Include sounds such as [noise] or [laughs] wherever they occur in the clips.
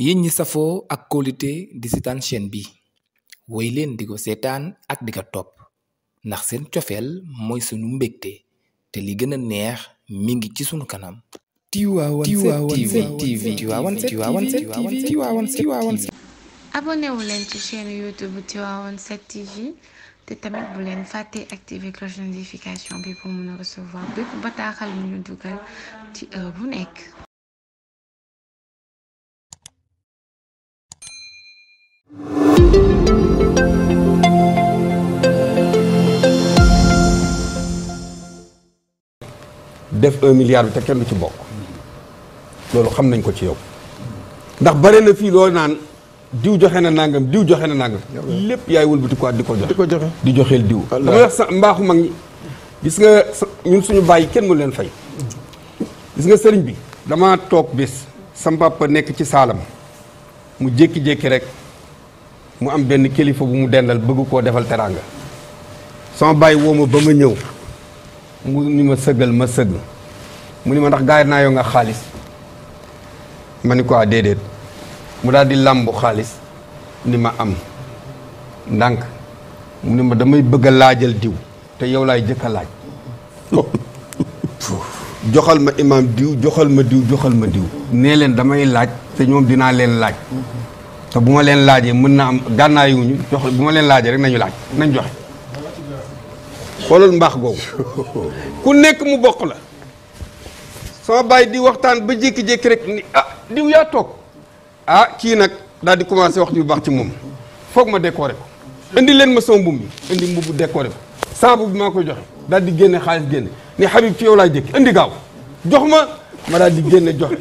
yéen ñi safoo ak kóolite di seetaan chaîne bi woy leen di ko seetaan ak di ko topp ndax seen cofeel mooy sunu mbégte te li gën a neex mi ngi ci sunu kanam. Tivaouane 7 TV Tivaouane 7 TV ci chaîne youtube Tivaouane 7 TV te tamit bu leen fàtte activer cloche bi pour mën a recevoir bépp bataaxal bu ñu dugal ci bu nekk. def un milliard bi te kenn du ci bokk loolu xam nañ ko ci yow ndax bare na fii loo naan diw joxe na nangam diw joxe na nangam. lépp yaay wëlbati di ko joxe. di ko joxe di joxeel diw. dama wax sa mbaaxu mag gis nga ñun suñu bàyyi kenn mënu leen fay. gis nga sëriñ bi dama toog bés. sama papa nekk ci saalam mu jékki-jékki rek mu am benn kilifa bu mu dendal bëgg koo defal teraanga. sama bàyyi woo ma ba ma ñëw mu ni ma sëggal ma sëgg. mu ni ma ndax gaayet naa nga xaalis ma ni quoi ah, déedéet mu daal di làmbu xaalis ni ma am ndànk mu ni ma damay bëgg a laajal diw te yow laay jëkk a laaj [laughs] joxal ma imaam diw joxal ma diw joxal ma diw nee leen damay laaj te ñoom dinaa leen laaj te bu ma leen laajee mën naa am gànnaayiwuñu jox bu ma leen laajee rek nañu laaj nañ joxe xoolal mbaax googu [laughs] ku nekk mu bokk la sama baay di waxtaan ba jékki-jékki rek ni ah diw yaa toog ah kii nag daal di commencé wax ju baax ci moom foog ma décorer ko indi leen ma sama mbubb mi indi mbubb décorer ko sama mbubb bi maa koy joxe daal di génne xaalis génne ni Habib ci yow laa jëkk indi gaaw jox ma ma daal di génne joxe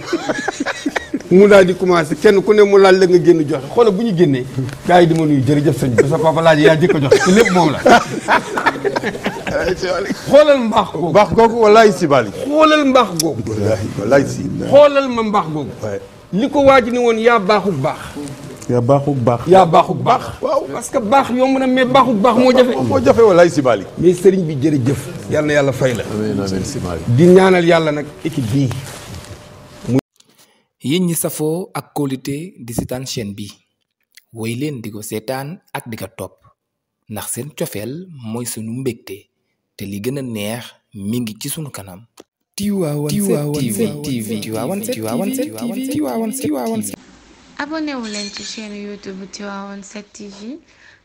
[laughs] mu daal di commencé kenn ku ne mu laal la nga génn joxe xoolal bu ñu génnee gars yi di ma nuyu jërëjëf sëñ bi sa papa laaj yaa jëkk a joxe lépp moom la [laughs] xoolal mbaax googu mbaax googu walaay si bali xoolal mbaax googu walaay si xoolal ma mbaax googu li ko waaj ni woon yaa baaxul baax yaa baaxul baax yaa baaxul baax waaw parce que baax yomb na mais baaxul baax moo jafe moo jafe walaay si bali mais sëriñ bi jërëjëf yal na yàlla fay la di ñaanal yàlla nag équipe bii yéen ñi safoo ak kóolite di seetaan chaîne bi woy leen di ko seetaan ak di ko topp ndax seen cofeel mooy sunu mbégte te li gën neex mi ngi ci sunu kanam. Tivaouane 7 TV Tivaouane 7 TV Tivaouane 7 TV. abonné wu leen ci chaîne YouTube bu Tivaouane TV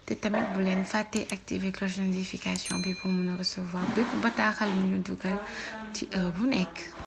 te tamit bu leen fàttee activer cloche notification bi pour mu a recevoir bépp bataaxal bu ñu dugal ci bu nekk.